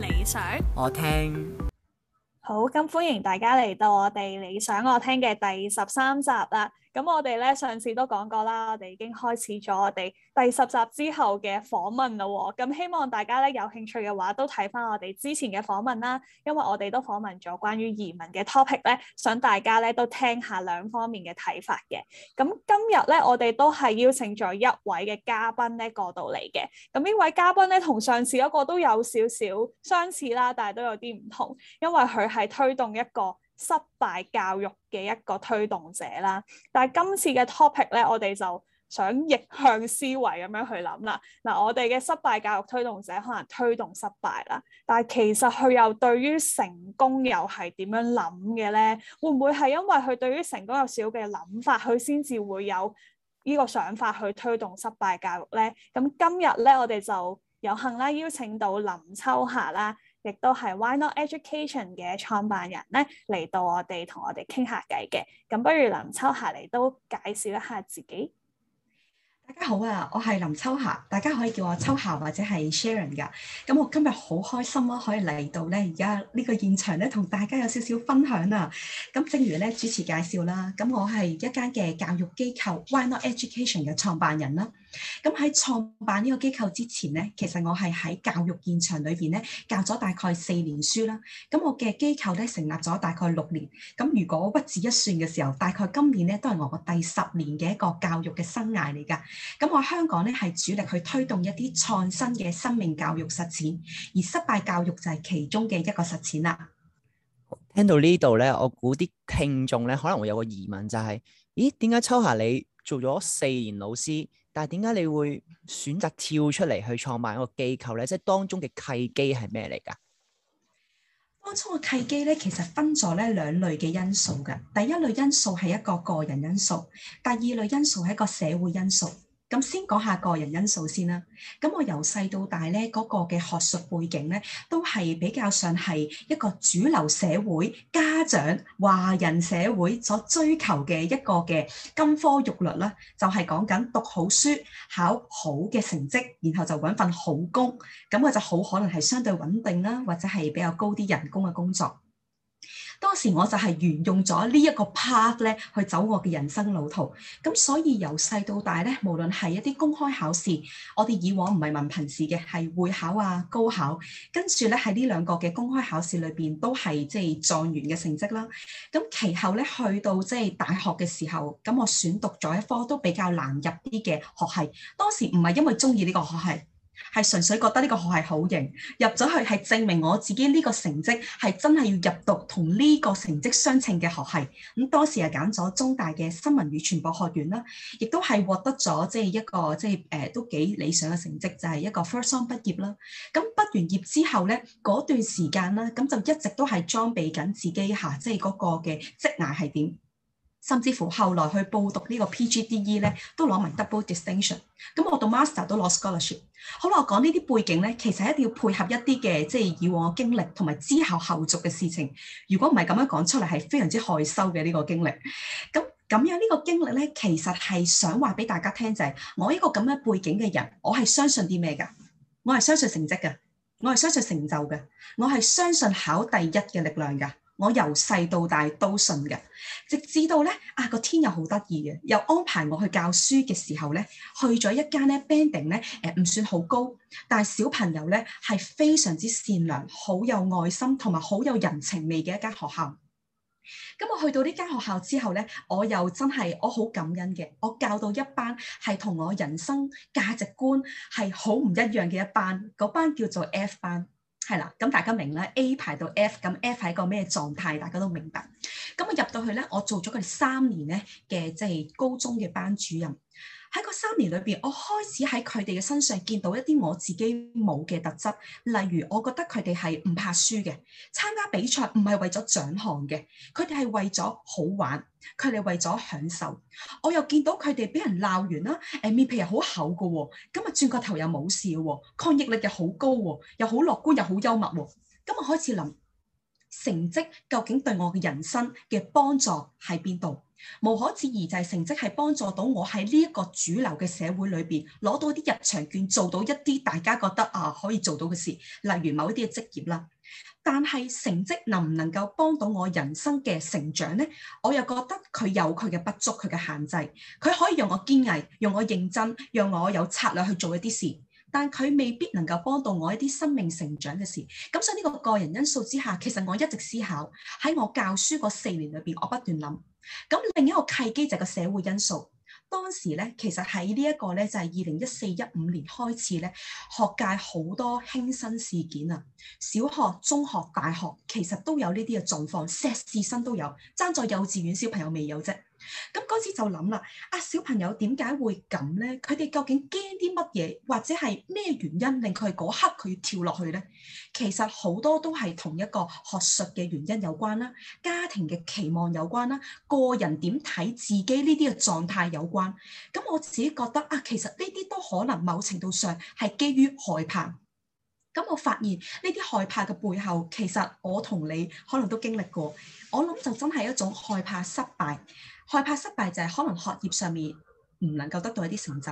理想，我聽，好，咁歡迎大家嚟到我哋理想我聽嘅第十三集啦。咁我哋咧上次都講過啦，我哋已經開始咗我哋第十集之後嘅訪問啦、哦。咁希望大家咧有興趣嘅話，都睇翻我哋之前嘅訪問啦。因為我哋都訪問咗關於移民嘅 topic 咧，想大家咧都聽下兩方面嘅睇法嘅。咁今日咧，我哋都係邀請咗一位嘅嘉賓咧過到嚟嘅。咁呢位嘉賓咧，同上次嗰個都有少少相似啦，但係都有啲唔同，因為佢係推動一個失敗教育嘅一個推動者啦，但係今次嘅 topic 咧，我哋就想逆向思維咁樣去諗啦。嗱，我哋嘅失敗教育推動者可能推動失敗啦，但係其實佢又對於成功又係點樣諗嘅咧？會唔會係因為佢對於成功有少嘅諗法，佢先至會有呢個想法去推動失敗教育咧？咁今日咧，我哋就有幸啦，邀請到林秋霞啦。亦都係 Why Not Education 嘅創辦人咧，嚟到我哋同我哋傾下偈嘅。咁不如林秋霞嚟都介紹一下自己。大家好啊，我係林秋霞，大家可以叫我秋霞或者係 Sharon 噶。咁我今日好開心啊，可以嚟到咧而家呢個現場咧，同大家有少少分享啊。咁正如咧主持介紹啦、啊，咁我係一間嘅教育機構 Why Not Education 嘅創辦人啦、啊。咁喺創辦呢個機構之前咧，其實我係喺教育現場裏邊咧教咗大概四年書啦。咁我嘅機構咧成立咗大概六年，咁如果屈指一算嘅時候，大概今年咧都係我個第十年嘅一個教育嘅生涯嚟噶。咁我香港咧係主力去推動一啲創新嘅生命教育實踐，而失敗教育就係其中嘅一個實踐啦。聽到呢度咧，我估啲聽眾咧可能會有個疑問、就是，就係咦，點解秋霞你做咗四年老師？但係點解你會選擇跳出嚟，去創辦一個機構咧？即係當中嘅契機係咩嚟噶當中嘅契機咧，其實分咗咧兩類嘅因素嘅。第一類因素係一個個人因素，第二類因素係一個社會因素。咁先講下個人因素先啦。咁我由細到大咧，嗰個嘅學術背景咧，都係比較上係一個主流社會家長華人社會所追求嘅一個嘅金科玉律啦。就係講緊讀好書、考好嘅成績，然後就揾份好工，咁我就好可能係相對穩定啦，或者係比較高啲人工嘅工作。當時我就係沿用咗呢一個 path 咧去走我嘅人生路途，咁所以由細到大咧，無論係一啲公開考試，我哋以往唔係文憑試嘅，係會考啊、高考，跟住咧喺呢兩個嘅公開考試裏邊都係即係狀元嘅成績啦。咁其後咧去到即係大學嘅時候，咁我選讀咗一科都比較難入啲嘅學系，當時唔係因為中意呢個學系。係純粹覺得呢個學系好型，入咗去係證明我自己呢個成績係真係要入讀同呢個成績相稱嘅學系。咁、嗯、當時係揀咗中大嘅新聞與傳播學院啦，亦都係獲得咗即係一個即係誒都幾理想嘅成績，就係、是、一個 first on 畢業啦。咁、啊、畢完業之後咧，嗰段時間啦，咁就一直都係裝備緊自己吓，即係嗰個嘅職涯係點。甚至乎後來去報讀呢個 PGDE 咧，都攞埋 double distinction。咁我讀 master 都攞 scholarship。好啦，我講呢啲背景咧，其實一定要配合一啲嘅，即係以往經歷同埋之後後續嘅事情。如果唔係咁樣講出嚟，係非常之害羞嘅呢個經歷。咁咁樣呢個經歷咧，其實係想話俾大家聽就係我呢個咁樣背景嘅人，我係相信啲咩㗎？我係相信成績㗎，我係相信成就㗎，我係相信考第一嘅力量㗎。我由細到大都信嘅，直至到咧啊個天又好得意嘅，又安排我去教書嘅時候咧，去咗一間咧 banding 咧誒，唔算好高，但係小朋友咧係非常之善良、好有愛心同埋好有人情味嘅一間學校。咁我去到呢間學校之後咧，我又真係我好感恩嘅。我教到一班係同我人生價值觀係好唔一樣嘅一班，嗰班叫做 F 班。係啦，咁大家明啦，A 排到 F，咁 F 係個咩狀態？大家都明白。咁我入到去咧，我做咗佢哋三年咧嘅即係高中嘅班主任。喺個三年裏邊，我開始喺佢哋嘅身上見到一啲我自己冇嘅特質，例如我覺得佢哋係唔怕輸嘅，參加比賽唔係為咗獎項嘅，佢哋係為咗好玩，佢哋為咗享受。我又見到佢哋俾人鬧完啦，誒面皮又好厚㗎喎，咁啊轉個頭又冇事喎，抗逆力又好高喎，又好樂觀又好幽默喎，咁啊開始諗成績究竟對我嘅人生嘅幫助喺邊度？無可置疑就係、是、成績係幫助到我喺呢一個主流嘅社會裏邊攞到啲入場券，做到一啲大家覺得啊可以做到嘅事，例如某一啲嘅職業啦。但係成績能唔能夠幫到我人生嘅成長呢？我又覺得佢有佢嘅不足，佢嘅限制。佢可以讓我堅毅，讓我認真，讓我有策略去做一啲事，但佢未必能夠幫到我一啲生命成長嘅事。咁所以呢個個人因素之下，其實我一直思考喺我教書嗰四年裏邊，我不斷諗。咁另一個契機就係個社會因素。當時咧，其實喺呢一個咧就係二零一四一五年開始咧，學界好多輕生事件啊，小學、中學、大學其實都有呢啲嘅狀況，碩士生都有，爭在幼稚園小朋友未有啫。咁嗰次就諗啦，啊小朋友點解會咁呢？佢哋究竟驚啲乜嘢，或者係咩原因令佢嗰刻佢跳落去呢？其實好多都係同一個學術嘅原因有關啦，家庭嘅期望有關啦，個人點睇自己呢啲嘅狀態有關。咁我自己覺得啊，其實呢啲都可能某程度上係基於害怕。咁我發現呢啲害怕嘅背後，其實我同你可能都經歷過。我諗就真係一種害怕失敗。害怕失敗就係可能學業上面唔能夠得到一啲成就，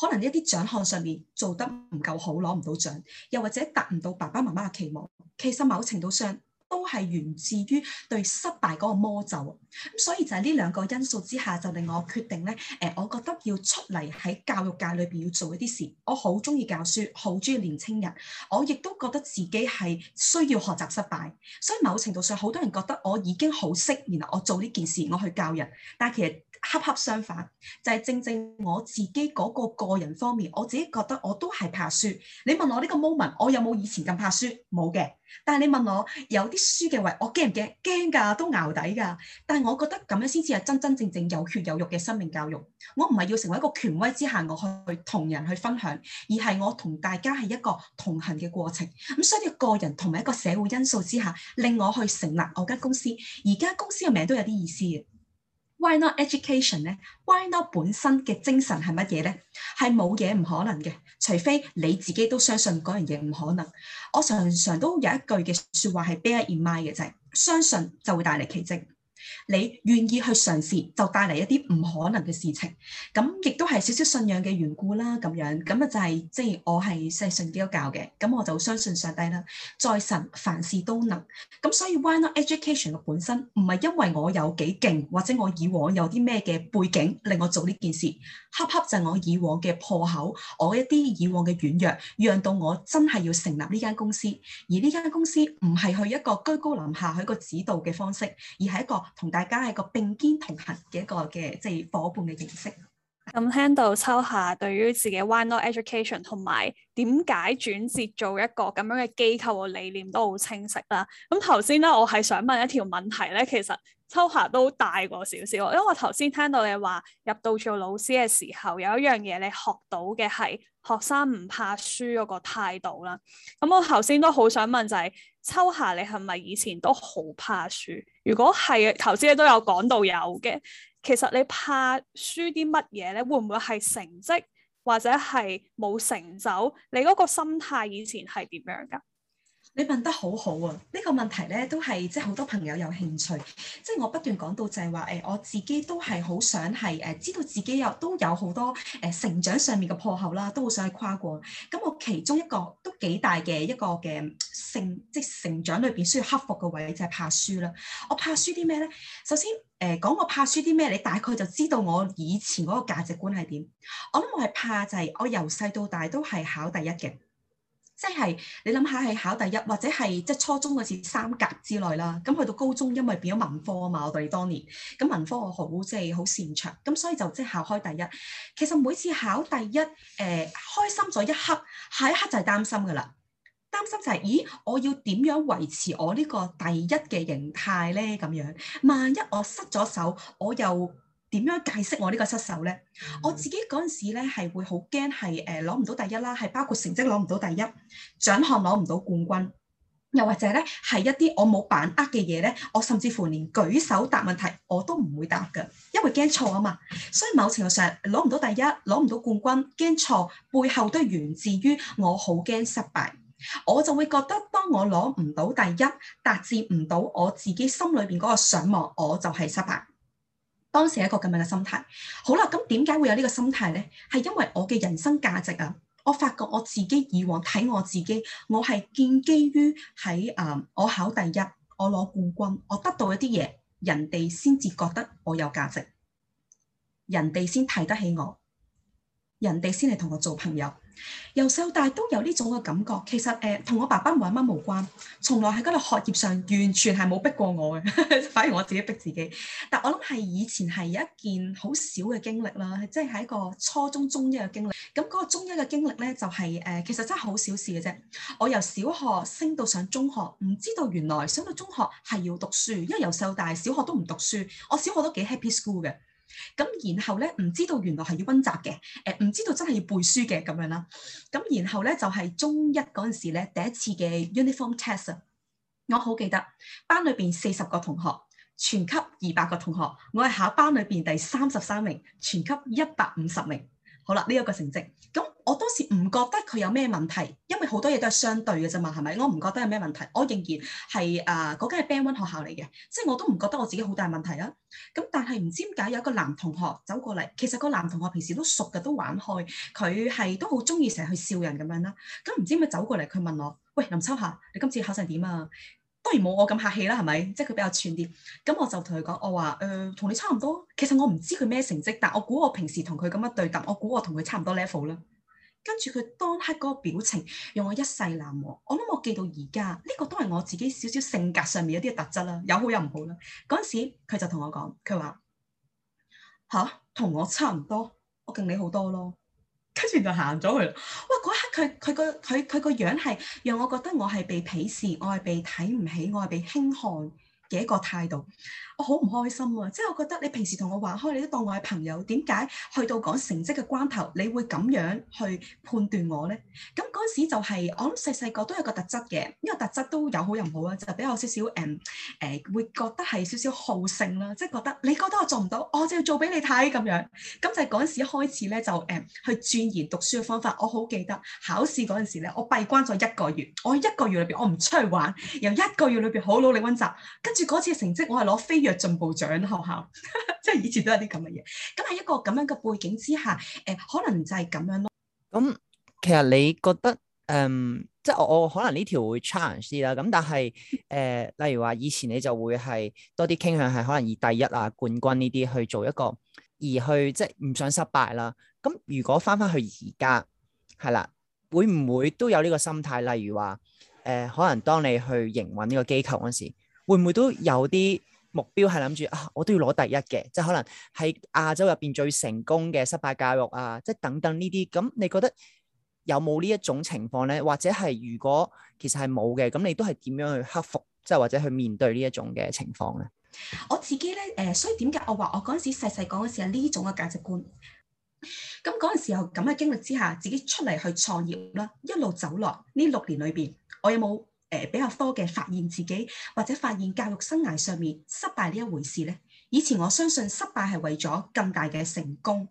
可能一啲獎項上面做得唔夠好，攞唔到獎，又或者達唔到爸爸媽媽嘅期望。其實某程度上，都係源自於對失敗嗰個魔咒，咁所以就係呢兩個因素之下，就令我決定咧，誒、呃，我覺得要出嚟喺教育界裏邊要做一啲事。我好鍾意教書，好鍾意年青人，我亦都覺得自己係需要學習失敗，所以某程度上，好多人覺得我已經好識，然後我做呢件事，我去教人，但係其實，恰恰相反，就係、是、正正我自己嗰個個人方面，我自己覺得我都係怕輸。你問我呢個 moment，我有冇以前咁怕輸？冇嘅。但係你問我有啲輸嘅位，我驚唔驚？驚㗎，都淆底㗎。但係我覺得咁樣先至係真真正正有血有肉嘅生命教育。我唔係要成為一個權威之下，我去同人去分享，而係我同大家係一個同行嘅過程。咁所以個人同埋一個社會因素之下，令我去成立我間公司。而家公司嘅名都有啲意思嘅。Why not education 咧？Why not 本身嘅精神係乜嘢咧？係冇嘢唔可能嘅，除非你自己都相信嗰樣嘢唔可能。我常常都有一句嘅説話係 bear in mind 嘅，就係相信就會帶嚟奇蹟。你願意去嘗試，就帶嚟一啲唔可能嘅事情。咁亦都係少少信仰嘅緣故啦，咁樣咁啊就係、是、即係我係即係信基督教嘅，咁我就相信上帝啦。在神凡事都能。咁所以 Why Not Education 嘅本身唔係因為我有幾勁，或者我以往有啲咩嘅背景令我做呢件事，恰恰就係我以往嘅破口，我一啲以往嘅軟弱，讓到我真係要成立呢間公司。而呢間公司唔係去一個居高臨下去一個指導嘅方式，而係一個。同大家係個並肩同行嘅一個嘅即係伙伴嘅形式。咁聽到秋霞對於自己 Why Not Education 同埋點解轉接做一個咁樣嘅機構嘅理念都好清晰啦。咁頭先咧，我係想問一條問題咧，其實秋霞都大過少少，因為我頭先聽到你話入到做老師嘅時候有一樣嘢你學到嘅係學生唔怕輸嗰個態度啦。咁我頭先都好想問就係。秋霞，你係咪以前都好怕輸？如果係，頭先你都有講到有嘅。其實你怕輸啲乜嘢咧？會唔會係成績或者係冇成就？你嗰個心態以前係點樣㗎？你問得好好啊！呢、這個問題咧都係即係好多朋友有興趣，即係我不斷講到就係話誒，我自己都係好想係誒，知道自己有都有好多誒成長上面嘅破口啦，都好想去跨過。咁我其中一個都幾大嘅一個嘅成即係成長裏邊需要克服嘅位就係、是、怕輸啦。我怕輸啲咩咧？首先誒講、呃、我怕輸啲咩，你大概就知道我以前嗰個價值觀係點。我諗我係怕就係、是、我由細到大都係考第一嘅。即係你諗下，係考第一或者係即係初中嗰次三甲之內啦。咁去到高中，因為變咗文科啊嘛，我哋當年咁文科我好即係好擅長，咁所以就即係考開第一。其實每次考第一，誒、呃、開心咗一刻，下一刻就係擔心噶啦，擔心就係、是、咦，我要點樣維持我呢個第一嘅形態咧？咁樣，萬一我失咗手，我又～點樣解釋我呢個失手呢？我自己嗰陣時咧係會好驚，係誒攞唔到第一啦，係包括成績攞唔到第一，獎項攞唔到冠軍，又或者呢，係一啲我冇把握嘅嘢呢，我甚至乎連舉手答問題我都唔會答㗎，因為驚錯啊嘛。所以某程度上攞唔到第一、攞唔到冠軍、驚錯，背後都係源自於我好驚失敗。我就會覺得，當我攞唔到第一、達至唔到我自己心裏邊嗰個想望，我就係失敗。當時一個咁樣嘅心態，好啦，咁點解會有呢個心態呢？係因為我嘅人生價值啊，我發覺我自己以往睇我自己，我係建基於喺誒我考第一，我攞冠軍，我得到一啲嘢，人哋先至覺得我有價值，人哋先睇得起我。人哋先嚟同我做朋友，由細到大都有呢種嘅感覺。其實誒，同、呃、我爸爸媽媽冇關，從來喺嗰度學業上完全係冇逼過我嘅，反而我自己逼自己。但我諗係以前係有一件好少嘅經歷啦，即係喺一個初中中一嘅經歷。咁、那、嗰個中一嘅經歷咧，就係、是、誒、呃，其實真係好小事嘅啫。我由小學升到上中學，唔知道原來上到中學係要讀書，因為由細到大小學都唔讀書，我小學都幾 happy school 嘅。咁然後咧，唔知道原來係要温習嘅，誒唔知道真係要背書嘅咁樣啦。咁然後咧就係中一嗰陣時咧，第一次嘅 uniform test 我好記得班裏邊四十個同學，全級二百個同學，我係考班裏邊第三十三名，全級一百五十名。好啦，呢一個成績咁。我當時唔覺得佢有咩問題，因為好多嘢都係相對嘅啫嘛，係咪？我唔覺得有咩問題，我仍然係誒嗰、呃、間係 Band One 學校嚟嘅，即係我都唔覺得我自己好大問題啊。咁但係唔知點解有個男同學走過嚟，其實個男同學平時都熟嘅，都玩開，佢係都好中意成日去笑人咁樣啦。咁唔知點解走過嚟佢問我：喂，林秋霞，你今次考成點啊？當然冇我咁客氣啦，係咪？即係佢比較串啲。咁我就同佢講，我話誒同你差唔多。其實我唔知佢咩成績，但我估我平時同佢咁樣對答，我估我同佢差唔多 level 啦。跟住佢當刻嗰個表情，讓我一世難忘。我諗我記到而家，呢、這個都係我自己少少性，性格上面有啲嘅特質啦，有好有唔好啦。嗰陣時佢就同我講，佢話吓，同、啊、我差唔多，我勁你好多咯。跟住就行咗去。哇！嗰一刻佢佢個佢佢個樣係，讓我覺得我係被鄙視，我係被睇唔起，我係被輕看。嘅一個態度，我好唔開心啊！即係我覺得你平時同我玩開，你都當我係朋友，點解去到講成績嘅關頭，你會咁樣去判斷我咧？咁嗰陣時就係、是、我諗細細個都有個特質嘅，因為特質都有好有唔好啊，就比較少少誒誒，會覺得係少少好勝啦、啊，即係覺得你覺得我做唔到，我就要做俾你睇咁樣。咁就係嗰陣時開始咧，就、呃、誒去鑽研讀書嘅方法。我好記得考試嗰陣時咧，我閉關咗一個月，我一個月裏邊我唔出去玩，由一個月裏邊好努力温習，跟嗰次嘅成績，我係攞飛躍進步獎學校，即 係以前都係啲咁嘅嘢。咁喺一個咁樣嘅背景之下，誒、呃、可能就係咁樣咯。咁、嗯、其實你覺得，誒、嗯、即係我我可能呢條會 challenge 啲啦。咁但係誒、呃，例如話以前你就會係多啲傾向係可能以第一啊冠軍呢啲去做一個，而去即係唔想失敗啦。咁、嗯、如果翻翻去而家係啦，會唔會都有呢個心態？例如話誒、呃，可能當你去營運呢個機構嗰時。會唔會都有啲目標係諗住啊，我都要攞第一嘅？即係可能喺亞洲入邊最成功嘅失敗教育啊，即係等等呢啲。咁你覺得有冇呢一種情況咧？或者係如果其實係冇嘅，咁你都係點樣去克服，即係或者去面對呢一種嘅情況咧？我自己咧，誒，所以點解我話我嗰陣時細細講嘅時候係呢種嘅價值觀？咁嗰陣時候咁嘅經歷之下，自己出嚟去創業啦，一路走落呢六年裏邊，我有冇？誒、呃、比較多嘅發現自己或者發現教育生涯上面失敗呢一回事咧，以前我相信失敗係為咗更大嘅成功，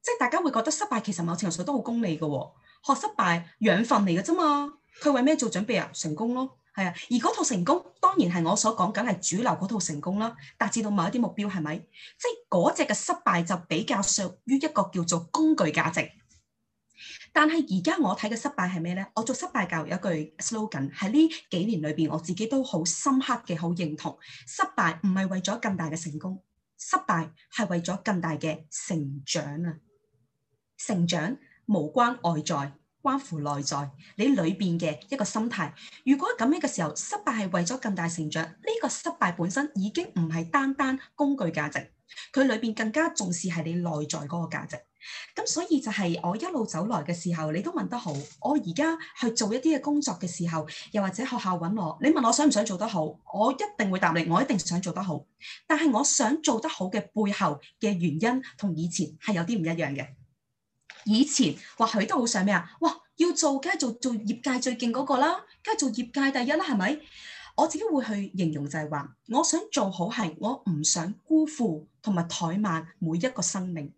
即係大家會覺得失敗其實某程度上都好功利嘅喎，學失敗養分嚟嘅啫嘛，佢為咩做準備啊？成功咯，係啊，而嗰套成功當然係我所講緊係主流嗰套成功啦，達至到某一啲目標係咪？即係嗰隻嘅失敗就比較屬於一個叫做工具價值。但係而家我睇嘅失敗係咩咧？我做失敗教育有一句 slogan，喺呢幾年裏邊，我自己都好深刻嘅，好認同。失敗唔係為咗更大嘅成功，失敗係為咗更大嘅成長啊！成長無關外在，關乎內在，你裏邊嘅一個心態。如果咁樣嘅時候，失敗係為咗更大成長，呢個失敗本身已經唔係單單工具價值，佢裏邊更加重視係你內在嗰個價值。咁所以就係我一路走來嘅時候，你都問得好。我而家去做一啲嘅工作嘅時候，又或者學校揾我，你問我想唔想做得好，我一定會答你，我一定想做得好。但係我想做得好嘅背後嘅原因，同以前係有啲唔一樣嘅。以前或許都好想咩啊？哇，要做梗係做做業界最勁嗰個啦，梗係做業界第一啦，係咪？我自己會去形容就係話，我想做好係我唔想辜負同埋怠慢每一個生命。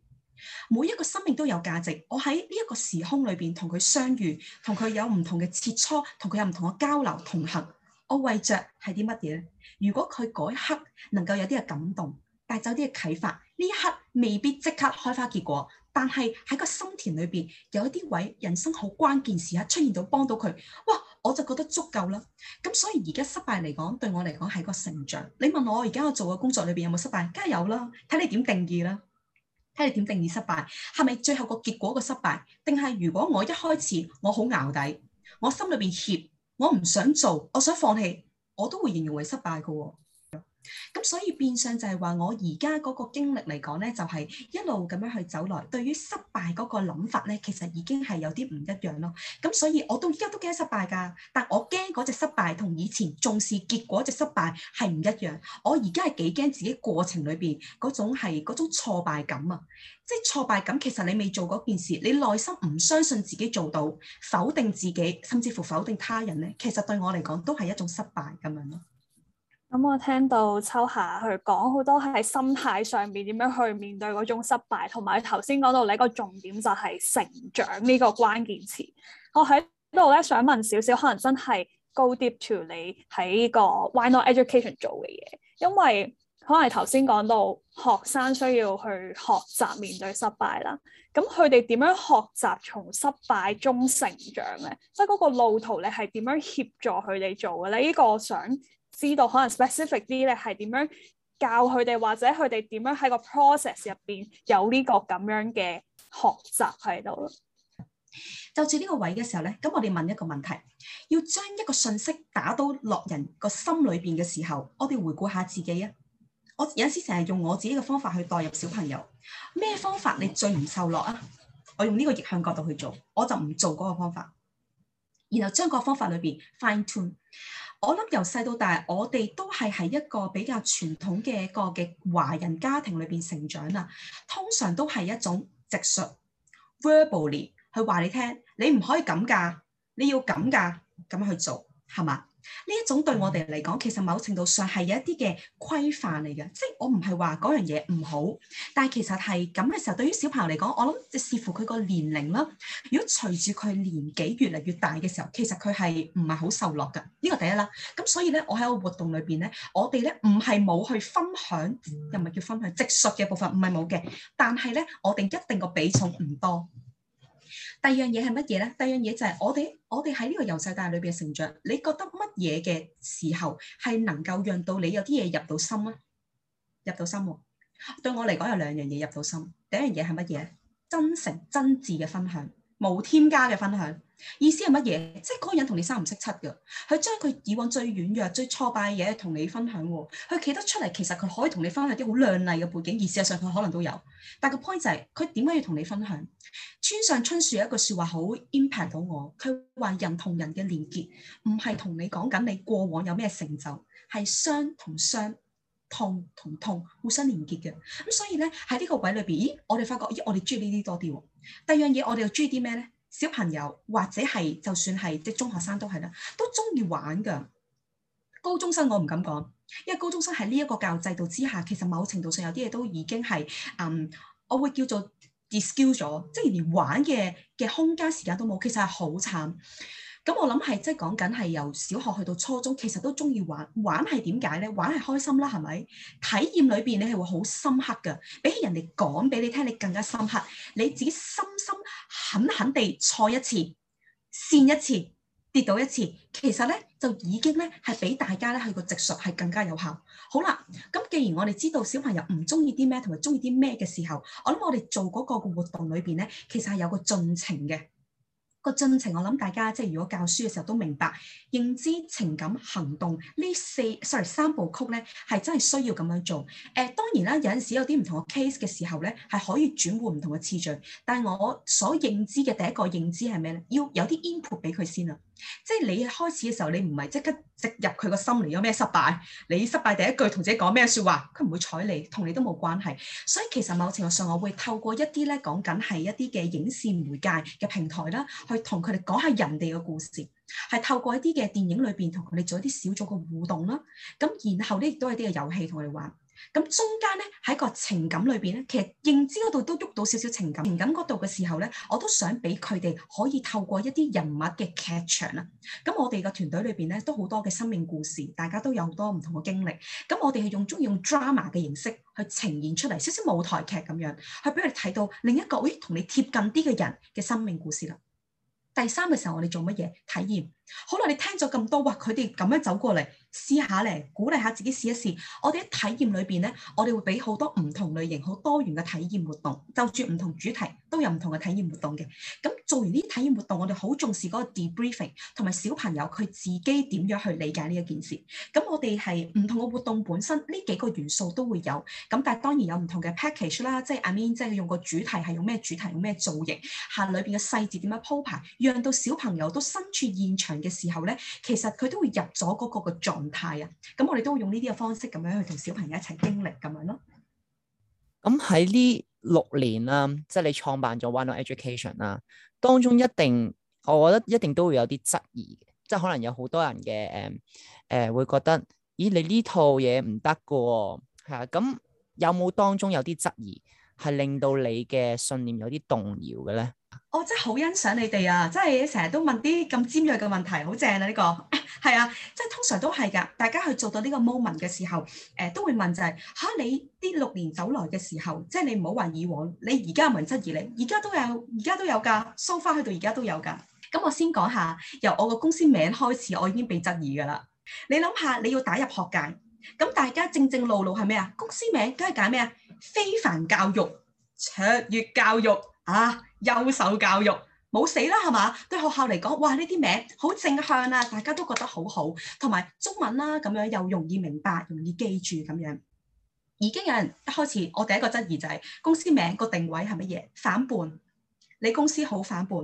每一個生命都有價值，我喺呢一個時空裏邊同佢相遇，同佢有唔同嘅切磋，同佢有唔同嘅交流同行。我為着係啲乜嘢咧？如果佢嗰一刻能夠有啲嘅感動，帶走啲嘅啟發，呢一刻未必即刻開花結果，但係喺個心田裏邊有一啲位，人生好關鍵時刻出現到幫到佢，哇！我就覺得足夠啦。咁所以而家失敗嚟講，對我嚟講係個成長。你問我而家我做嘅工作裏邊有冇失敗？梗係有啦，睇你點定義啦。睇你點定義失敗，係咪最後個結果個失敗？定係如果我一開始我好淆底，我心裏面怯，我唔想做，我想放棄，我都會形容為失敗㗎喎、哦。咁所以變相就係話，我而家嗰個經歷嚟講咧，就係一路咁樣去走來。對於失敗嗰個諗法咧，其實已經係有啲唔一樣咯。咁所以我到依家都驚失敗噶，但我驚嗰隻失敗同以前重視結果隻失敗係唔一樣。我而家係幾驚自己過程裏邊嗰種係嗰種挫敗感啊！即係挫敗感，其實你未做嗰件事，你內心唔相信自己做到，否定自己，甚至乎否定他人咧，其實對我嚟講都係一種失敗咁樣咯。咁、嗯、我聽到秋霞去講好多係心態上面點樣去面對嗰種失敗，同埋頭先講到你個重點就係成長呢個關鍵詞。我喺度咧想問少少，可能真係 go deep to 你喺個 Why not Education 做嘅嘢，因為可能頭先講到學生需要去學習面對失敗啦。咁佢哋點樣學習從失敗中成長咧？即係嗰個路途你係點樣協助佢哋做嘅咧？呢、呢個想。知道可能 specific 啲咧，係點樣教佢哋，或者佢哋點樣喺個 process 入邊有呢個咁樣嘅學習喺度咯。就住呢個位嘅時候咧，咁我哋問一個問題，要將一個信息，打到落人個心裏邊嘅時候，我哋回顧下自己啊！我有陣時成日用我自己嘅方法去代入小朋友，咩方法你最唔受落啊？我用呢個逆向角度去做，我就唔做嗰個方法，然後將個方法裏邊 fine tune 我諗由細到大，我哋都係喺一個比較傳統嘅一個嘅華人家庭裏邊成長啦，通常都係一種直述 verbally 去話你聽，你唔可以咁㗎，你要咁㗎，咁去做係嘛？呢一種對我哋嚟講，其實某程度上係有一啲嘅規範嚟嘅，即係我唔係話嗰樣嘢唔好，但係其實係咁嘅時候，對於小朋友嚟講，我諗就視乎佢個年齡啦。如果隨住佢年紀越嚟越大嘅時候，其實佢係唔係好受落㗎？呢個第一啦。咁所以咧，我喺個活動裏邊咧，我哋咧唔係冇去分享，又唔係叫分享，積述嘅部分唔係冇嘅，但係咧，我哋一定個比重唔多。第二樣嘢係乜嘢咧？第二樣嘢就係我哋我哋喺呢個遊世界裏邊成長，你覺得乜嘢嘅時候係能夠讓到你有啲嘢入到心啊？入到心喎、哦，對我嚟講有兩樣嘢入到心。第一樣嘢係乜嘢咧？真誠真摯嘅分享。冇添加嘅分享，意思係乜嘢？即係嗰個人同你三唔識七㗎，佢將佢以往最軟弱、最挫敗嘅嘢同你分享喎、哦。佢企得出嚟，其實佢可以同你分享啲好靚麗嘅背景，而事實上佢可能都有。但係個 point 就係佢點解要同你分享？村上春樹有一句説話好 impact 到我，佢話人同人嘅連結唔係同你講緊你過往有咩成就，係傷同傷、痛同痛互相連結嘅。咁所以咧，喺呢個位裏邊，咦？我哋發覺咦？我哋中意呢啲多啲喎、哦。第二樣嘢，我哋又中意啲咩咧？小朋友或者係就算係即係中學生都係啦，都中意玩噶。高中生我唔敢講，因為高中生喺呢一個教育制度之下，其實某程度上有啲嘢都已經係嗯，um, 我會叫做 discuss 咗，即係連玩嘅嘅空間時間都冇，其實係好慘。咁我諗係即係講緊係由小學去到初中，其實都中意玩，玩係點解咧？玩係開心啦，係咪？體驗裏邊你係會好深刻㗎，比起人哋講俾你聽，你更加深刻。你自己深深狠狠地錯一次、試一次、跌倒一次，其實咧就已經咧係俾大家咧去個直屬係更加有效。好啦，咁既然我哋知道小朋友唔中意啲咩同埋中意啲咩嘅時候，我諗我哋做嗰個活動裏邊咧，其實係有個進程嘅。個進程我諗大家即係如果教書嘅時候都明白，認知、情感、行動呢四，sorry 三部曲咧，係真係需要咁樣做。誒、呃、當然啦，有陣時有啲唔同嘅 case 嘅時候咧，係可以轉換唔同嘅次序，但係我所認知嘅第一個認知係咩咧？要有啲 input 俾佢先啊！即係你開始嘅時候，你唔係即刻植入佢個心裏，有咩失敗？你失敗第一句同自己講咩說話？佢唔會睬你，同你都冇關係。所以其實某程度上，我會透過一啲咧，講緊係一啲嘅影視媒介嘅平台啦，去同佢哋講下人哋嘅故事，係透過一啲嘅電影裏邊同佢哋做一啲小組嘅互動啦。咁然後咧，亦都係啲嘅遊戲同佢哋玩。咁中間咧喺個情感裏邊咧，其實認知嗰度都喐到少少情感，情感嗰度嘅時候咧，我都想俾佢哋可以透過一啲人物嘅劇場啦。咁我哋個團隊裏邊咧都好多嘅生命故事，大家都有好多唔同嘅經歷。咁我哋係用中意用，用 drama 嘅形式去呈現出嚟少少舞台劇咁樣，去俾佢哋睇到另一個，咦，同你貼近啲嘅人嘅生命故事啦。第三嘅時候我，我哋做乜嘢體驗？好啦，你聽咗咁多，哇！佢哋咁樣走過嚟，試下嚟，鼓勵下自己試一試。我哋喺體驗裏邊咧，我哋會俾好多唔同類型、好多元嘅體驗活動，就住唔同主題都有唔同嘅體驗活動嘅。咁做完呢啲體驗活動，我哋好重視嗰個 debriefing，同埋小朋友佢自己點樣去理解呢一件事。咁我哋係唔同嘅活動本身，呢幾個元素都會有。咁但係當然有唔同嘅 package 啦，即係 I mean, 即係阿 Min，即係用個主題係用咩主題，用咩造型，行裏邊嘅細節點樣鋪排，讓到小朋友都身處現場嘅時候咧，其實佢都會入咗嗰個嘅狀態啊。咁我哋都會用呢啲嘅方式咁樣去同小朋友一齊經歷咁樣咯。咁喺呢六年啦，啊，即係你創辦咗 Why Not Education 啦，啊，當中一定，我覺得一定都會有啲質疑，即係可能有好多人嘅誒誒會覺得，咦，你呢套嘢唔得噶喎？係啊，咁，啊，有冇當中有啲質疑係令到你嘅信念有啲動搖嘅咧？我、oh, 真係好欣賞你哋啊，即係成日都問啲咁尖銳嘅問題，好正啊呢，呢個。係啊，即係通常都係㗎。大家去做到呢個 moment 嘅時候，誒、呃、都會問就係、是、嚇你呢六年走來嘅時候，即係你唔好話以往，你而家問質疑你，而家都有，而家都有㗎，So far，去到而家都有㗎。咁我先講下，由我個公司名開始，我已經被質疑㗎啦。你諗下，你要打入學界，咁大家正正路路係咩啊？公司名梗係揀咩啊？非凡教育、卓越教育啊，優秀教育。冇死啦，係嘛？對學校嚟講，哇！呢啲名好正向啊，大家都覺得好好，同埋中文啦、啊，咁樣又容易明白、容易記住咁樣。已經有人一開始，我第一個質疑就係、是、公司名個定位係乜嘢？反叛，你公司好反叛，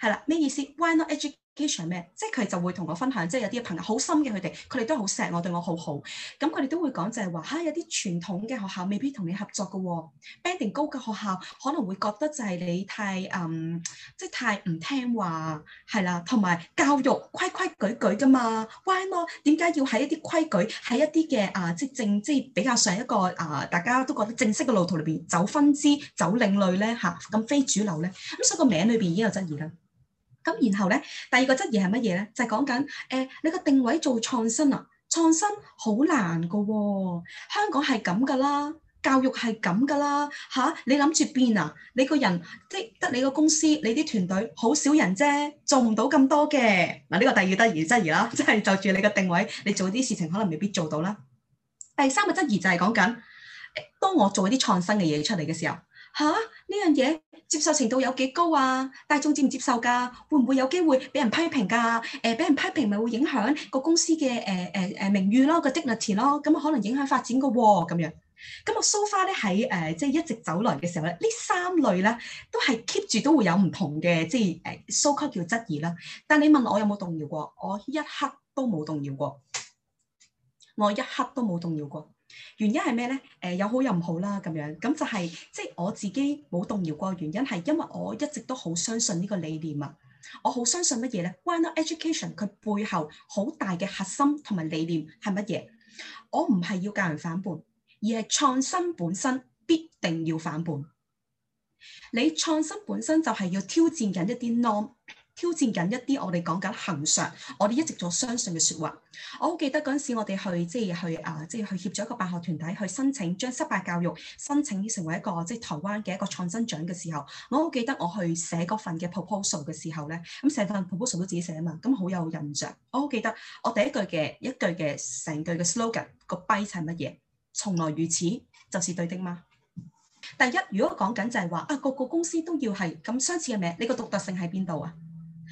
係啦，咩意思？Why not Education 基上咩？即係佢就會同我分享，即係有啲朋友好深嘅佢哋，佢哋都好錫我，對我好好。咁佢哋都會講就係話，吓、啊、有啲傳統嘅學校未必同你合作噶、哦、，banding 高嘅學校可能會覺得就係你太嗯，即係太唔聽話，係啦，同埋教育規規矩矩噶嘛，why 咯？點解要喺一啲規矩喺一啲嘅啊？即係正，即係比較上一個啊，大家都覺得正式嘅路途裏邊走分支、走另類咧，吓、啊、咁非主流咧。咁所以個名裏邊已經有質疑啦。咁然後咧，第二個質疑係乜嘢咧？就係講緊誒，你個定位做創新啊，創新好難噶喎、哦，香港係咁噶啦，教育係咁噶啦，吓，你諗住變啊？你個人即得你個公司，你啲團隊好少人啫，做唔到咁多嘅。嗱，呢、這個第二得而質疑啦，即係就住、是、你個定位，你做啲事情可能未必做到啦。第三個質疑就係講緊，當我做一啲創新嘅嘢出嚟嘅時候。吓，呢樣嘢接受程度有幾高啊？大眾接唔接受噶？會唔會有機會俾人批評噶？誒、呃，俾人批評咪會影響個公司嘅誒誒誒名譽咯，個 dignity 咯，咁啊可能影響發展嘅喎咁樣。咁、嗯、啊，so far 咧喺誒即係一直走來嘅時候咧，呢三類咧都係 keep 住都會有唔同嘅即係誒 so-called 叫質疑啦。但你問我有冇動搖過？我一刻都冇動搖過，我一刻都冇動搖過。原因係咩咧？誒有好有唔好啦，咁樣咁就係即係我自己冇動搖過。原因係因為我一直都好相信呢個理念啊！我好相信乜嘢咧？Why not Education，佢背後好大嘅核心同埋理念係乜嘢？我唔係要教人反叛，而係創新本身必定要反叛。你創新本身就係要挑戰緊一啲 norm。挑戰緊一啲我哋講緊恆常，我哋一直做相信嘅説話。我好記得嗰陣時我，我哋去即係去啊，即係去協助一個辦學團體去申請將失敗教育申請成為一個即係台灣嘅一個創新獎嘅時候，我好記得我去寫嗰份嘅 proposal 嘅時候咧，咁、嗯、寫份 proposal 都自己寫啊嘛，咁、嗯、好有印象。我好記得我第一句嘅一句嘅成句嘅 slogan 個 base 係乜嘢？從來如此，就是對的嗎？第一，如果講緊就係、是、話啊，個個公司都要係咁相似嘅名，你個獨特性喺邊度啊？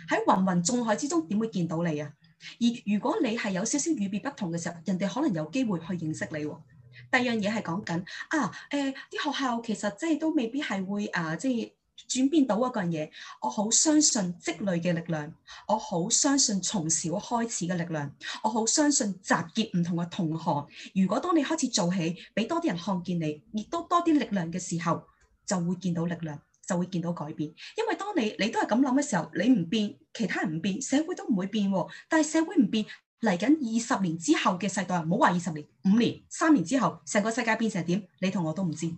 喺芸芸眾海之中點會見到你啊？而如果你係有少少與別不同嘅時候，人哋可能有機會去認識你喎。第二樣嘢係講緊啊，誒、呃、啲學校其實即係都未必係會啊，即係轉變到嗰樣嘢。我好相信積累嘅力量，我好相信從小開始嘅力量，我好相信集結唔同嘅同學。如果當你開始做起，俾多啲人看見你，亦都多啲力量嘅時候，就會見到力量。就會見到改變，因為當你你都係咁諗嘅時候，你唔變，其他人唔變，社會都唔會變喎、啊。但係社會唔變，嚟緊二十年之後嘅世代，唔好話二十年，五年、三年之後，成個世界變成點？你同我都唔知。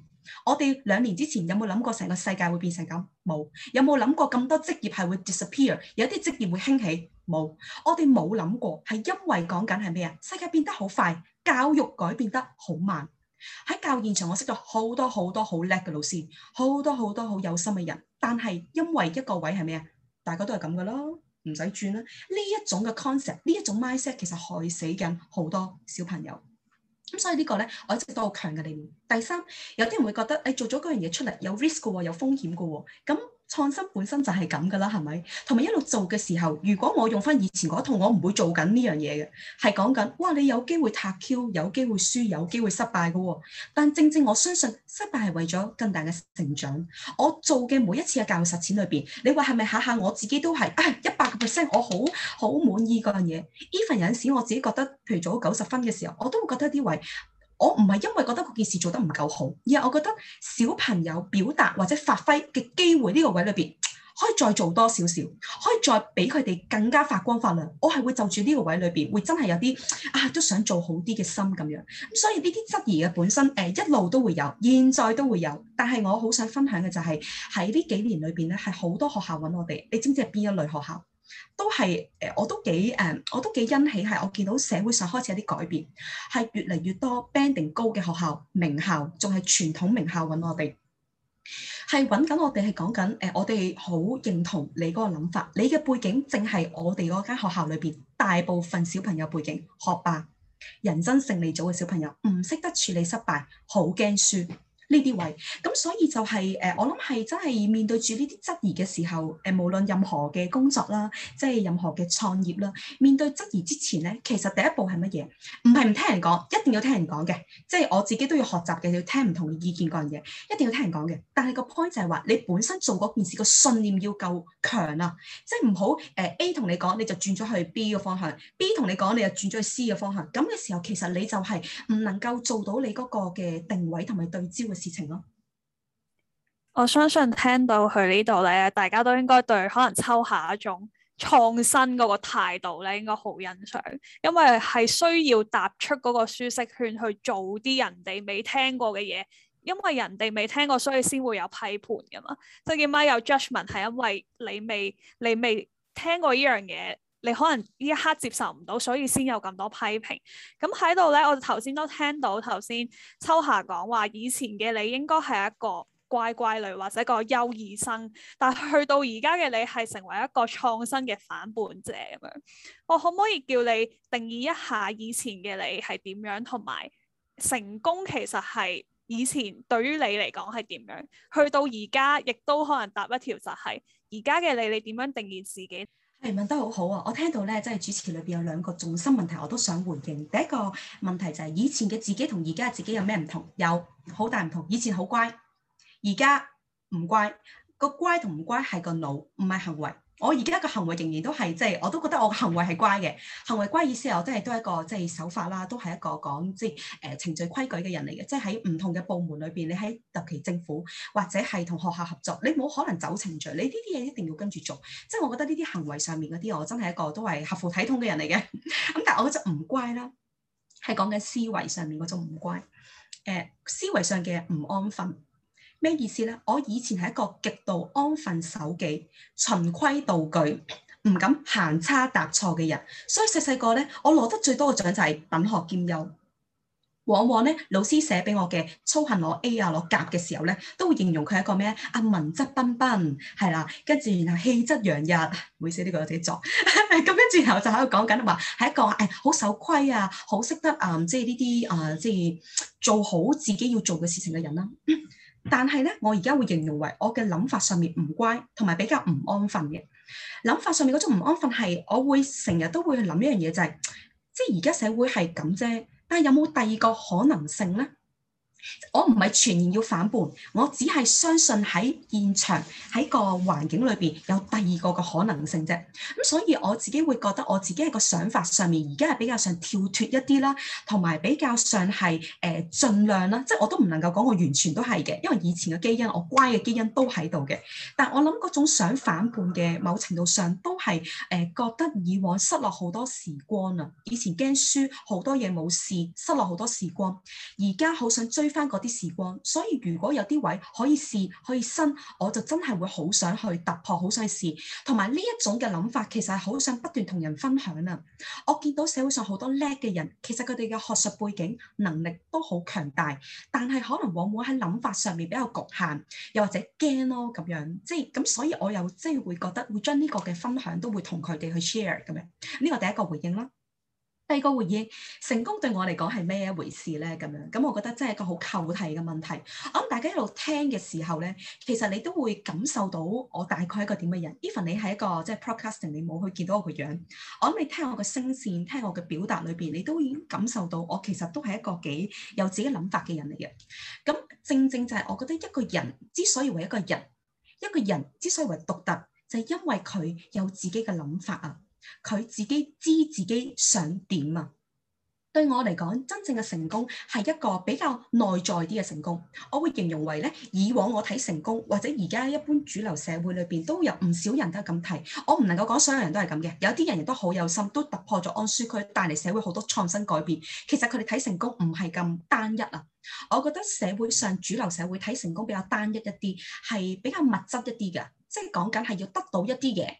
我哋兩年之前有冇諗過成個世界會變成咁？冇。有冇諗過咁多職業係會 disappear？有啲職業會興起？冇。我哋冇諗過，係因為講緊係咩啊？世界變得好快，教育改變得好慢。喺教現場，我識咗好多好多好叻嘅老師，好多好多好有心嘅人。但係因為一個位係咩啊？大家都係咁噶啦，唔使轉啦。呢一種嘅 concept，呢一種 mindset，其實害死緊好多小朋友。咁所以個呢個咧，我一直都好強嘅理念。第三，有啲人會覺得，你、哎、做咗嗰樣嘢出嚟有 risk 嘅喎，有風險嘅喎，咁。創新本身就係咁噶啦，係咪？同埋一路做嘅時候，如果我用返以前嗰套，我唔會做緊呢樣嘢嘅。係講緊，哇！你有機會撻 Q，有機會輸，有機會失敗嘅喎、哦。但正正我相信失敗係為咗更大嘅成長。我做嘅每一次嘅教育實踐裏邊，你話係咪下下我自己都係啊一百個 percent，我好好滿意嗰樣嘢。even 有陣時我自己覺得，譬如做到九十分嘅時候，我都會覺得啲位。我唔係因為覺得嗰件事做得唔夠好，而係我覺得小朋友表達或者發揮嘅機會呢個位裏邊可以再做多少少，可以再俾佢哋更加發光發亮。我係會就住呢個位裏邊會真係有啲啊都想做好啲嘅心咁樣。所以呢啲質疑嘅本身誒、呃、一路都會有，現在都會有。但係我好想分享嘅就係喺呢幾年裏邊咧，係好多學校揾我哋，你知唔知係邊一類學校？都係誒，我都幾誒，uh, 我都幾欣喜係，我見到社會上開始有啲改變，係越嚟越多 banding 高嘅學校名校，仲係傳統名校揾我哋，係揾緊我哋係講緊誒，uh, 我哋好認同你嗰個諗法，你嘅背景正係我哋嗰間學校裏邊大部分小朋友背景，學霸、人生勝利組嘅小朋友，唔識得處理失敗，好驚輸。呢啲位，咁所以就係誒，我諗係真係面對住呢啲質疑嘅時候，誒，無論任何嘅工作啦，即係任何嘅創業啦，面對質疑之前咧，其實第一步係乜嘢？唔係唔聽人講，一定要聽人講嘅，即係我自己都要學習嘅，要聽唔同嘅意見嗰樣嘢，一定要聽人講嘅。但係個 point 就係話，你本身做嗰件事個信念要夠強啊，即係唔好誒 A 同你講你就轉咗去 B 個方向，B 同你講你就轉咗去 C 個方向。咁嘅時候其實你就係唔能夠做到你嗰個嘅定位同埋對焦嘅。事情咯，我相信聽到佢呢度咧，大家都應該對可能抽下一種創新嗰個態度咧，應該好欣賞，因為係需要踏出嗰個舒適圈去做啲人哋未聽過嘅嘢，因為人哋未聽過，所以先會有批判噶嘛，即係點解有 judgement 係因為你未你未聽過呢樣嘢？你可能呢一刻接受唔到，所以先有咁多批評。咁喺度咧，我就頭先都聽到頭先秋霞講話，以前嘅你應該係一個乖乖女或者個優異生，但係去到而家嘅你係成為一個創新嘅反叛者咁樣。我可唔可以叫你定義一下以前嘅你係點樣，同埋成功其實係以前對於你嚟講係點樣，去到而家亦都可能答一條就係而家嘅你，你點樣定義自己？被問得好好啊！我聽到咧，即係主持裏邊有兩個重心問題，我都想回應。第一個問題就係，以前嘅自己同而家嘅自己有咩唔同？有好大唔同。以前好乖，而家唔乖。個乖同唔乖係個腦，唔係行為。我而家嘅行為仍然都係，即係我都覺得我嘅行為係乖嘅。行為乖意思係我真係都係一個即係守法啦，都係一個講即係誒程序規矩嘅人嚟嘅。即係喺唔同嘅部門裏邊，你喺特區政府或者係同學校合作，你冇可能走程序，你呢啲嘢一定要跟住做。即係我覺得呢啲行為上面嗰啲，我真係一個都係合乎體統嘅人嚟嘅。咁但係我覺得唔乖啦，係講緊思維上面嗰種唔乖。誒、呃，思維上嘅唔安分。咩意思咧？我以前係一個極度安分守己、循規蹈矩、唔敢行差踏錯嘅人，所以細細個咧，我攞得最多嘅獎就係品學兼優。往往咧，老師寫俾我嘅操行攞 A 啊，攞甲嘅時候咧，都會形容佢係一個咩啊？文質彬彬，係啦，跟住然後氣質洋溢，唔會寫呢個字作咁，跟住然後就喺度講緊話，係一個誒好、哎、守規啊，好識得啊、嗯，即係呢啲啊，即係做好自己要做嘅事情嘅人啦、啊。但係咧，我而家會形容為我嘅諗法上面唔乖，同埋比較唔安分嘅諗法上面，嗰種唔安分係，我會成日都會去諗一樣嘢，就係，就係即係而家社會係咁啫。但係有冇第二個可能性咧？我唔係全然要反叛，我只係相信喺現場喺個環境裏邊有第二個嘅可能性啫。咁所以我自己會覺得我自己喺個想法上面而家係比較上跳脫一啲啦，同埋比較上係誒盡量啦，即係我都唔能夠講我完全都係嘅，因為以前嘅基因我乖嘅基因都喺度嘅。但我諗嗰種想反叛嘅，某程度上都係誒、呃、覺得以往失落好多時光啊，以前驚輸好多嘢冇事，失落好多時光，而家好想追。翻啲時光，所以如果有啲位可以試、可以新，我就真係會好想去突破，好想去試。同埋呢一種嘅諗法，其實係好想不斷同人分享啊！我見到社會上好多叻嘅人，其實佢哋嘅學術背景能力都好強大，但係可能往往喺諗法上面比較局限，又或者驚咯咁樣，即係咁，所以我又即係會覺得會將呢個嘅分享都會同佢哋去 share 咁樣。呢個第一個回應啦。第二個回應，成功對我嚟講係咩一回事咧？咁樣咁，我覺得真係一個好扣題嘅問題。我諗大家一路聽嘅時候咧，其實你都會感受到我大概係一個點嘅人。even 你係一個即係 broadcasting，你冇去見到我個樣，我諗你聽我嘅聲線，聽我嘅表達裏邊，你都已經感受到我其實都係一個幾有自己諗法嘅人嚟嘅。咁正正就係我覺得一個人之所以為一個人，一個人之所以為獨特，就係因為佢有自己嘅諗法啊！佢自己知自己想點啊！對我嚟講，真正嘅成功係一個比較內在啲嘅成功。我會形容為咧，以往我睇成功，或者而家一般主流社會裏邊都有唔少人都係咁睇。我唔能夠講所有人都係咁嘅，有啲人亦都好有心，都突破咗安舒區，帶嚟社會好多創新改變。其實佢哋睇成功唔係咁單一啊！我覺得社會上主流社會睇成功比較單一一啲，係比較物質一啲嘅，即係講緊係要得到一啲嘢。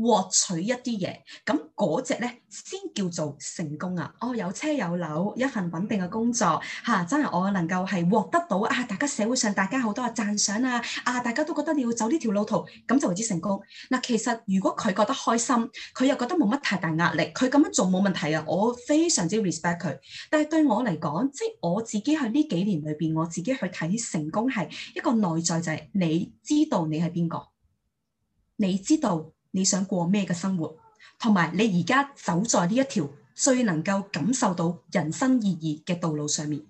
獲取一啲嘢，咁嗰隻咧先叫做成功啊！哦，有車有樓，一份穩定嘅工作，嚇、啊，真係我能夠係獲得到啊！大家社會上大家好多嘅讚賞啊！啊，大家都覺得你要走呢條路途，咁就為之成功。嗱、啊，其實如果佢覺得開心，佢又覺得冇乜太大壓力，佢咁樣做冇問題啊！我非常之 respect 佢。但係對我嚟講，即、就、係、是、我自己喺呢幾年裏邊，我自己去睇成功係一個內在，就係你知道你係邊個，你知道。你想過咩嘅生活，同埋你而家走在呢一條最能夠感受到人生意義嘅道路上面，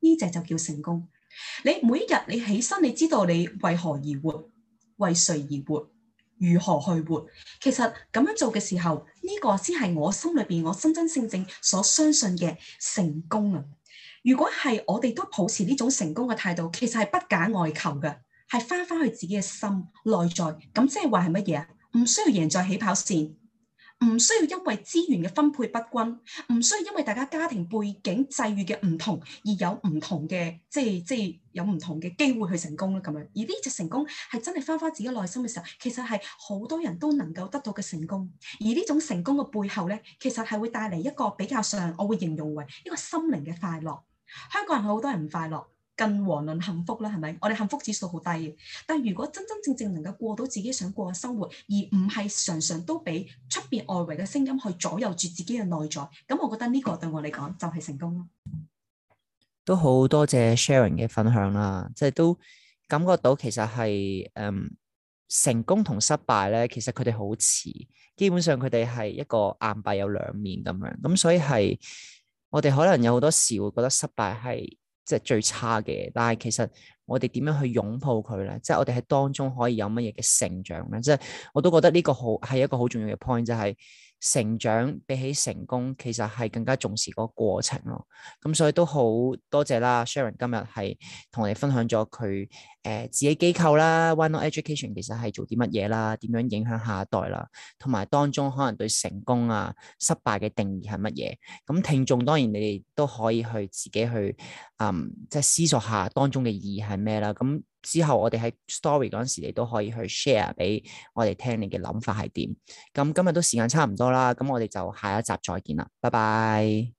呢隻就叫成功。你每一日你起身，你知道你為何而活，為誰而活，如何去活？其實咁樣做嘅時候，呢、呢個先係我心裏邊我真真正正所相信嘅成功啊。如果係我哋都抱持呢種成功嘅態度，其實係不假外求嘅，係返返去自己嘅心內在咁，即係話係乜嘢啊？唔需要贏在起跑線，唔需要因為資源嘅分配不均，唔需要因為大家家庭背景際遇嘅唔同而有唔同嘅，即係即係有唔同嘅機會去成功啦。咁樣而呢隻成功係真係返返自己內心嘅時候，其實係好多人都能夠得到嘅成功。而呢種成功嘅背後咧，其實係會帶嚟一個比較上，我會形容為一個心靈嘅快樂。香港人好多人唔快樂。更遑論幸福啦，係咪？我哋幸福指數好低嘅，但如果真真正正能夠過到自己想過嘅生活，而唔係常常都俾出面外圍嘅聲音去左右住自己嘅內在，咁我覺得呢個對我嚟講就係成功咯。都好多謝 Sharon 嘅分享啦，即係都感覺到其實係誒、嗯、成功同失敗咧，其實佢哋好似基本上佢哋係一個硬幣有兩面咁樣，咁所以係我哋可能有好多時會覺得失敗係。即係最差嘅，但係其實我哋點樣去擁抱佢咧？即係我哋喺當中可以有乜嘢嘅成長咧？即係我都覺得呢個好係一個好重要嘅 point，就係。成長比起成功，其實係更加重視個過程咯。咁所以都好多謝啦，Sharon 今日係同我哋分享咗佢誒自己機構啦，Why Not Education 其實係做啲乜嘢啦，點樣影響下一代啦，同埋當中可能對成功啊、失敗嘅定義係乜嘢。咁聽眾當然你哋都可以去自己去嗯，即係思索下當中嘅意義係咩啦。咁。之後，我哋喺 story 嗰陣時，你都可以去 share 俾我哋聽你嘅諗法係點。咁今日都時間差唔多啦，咁我哋就下一集再見啦，拜拜。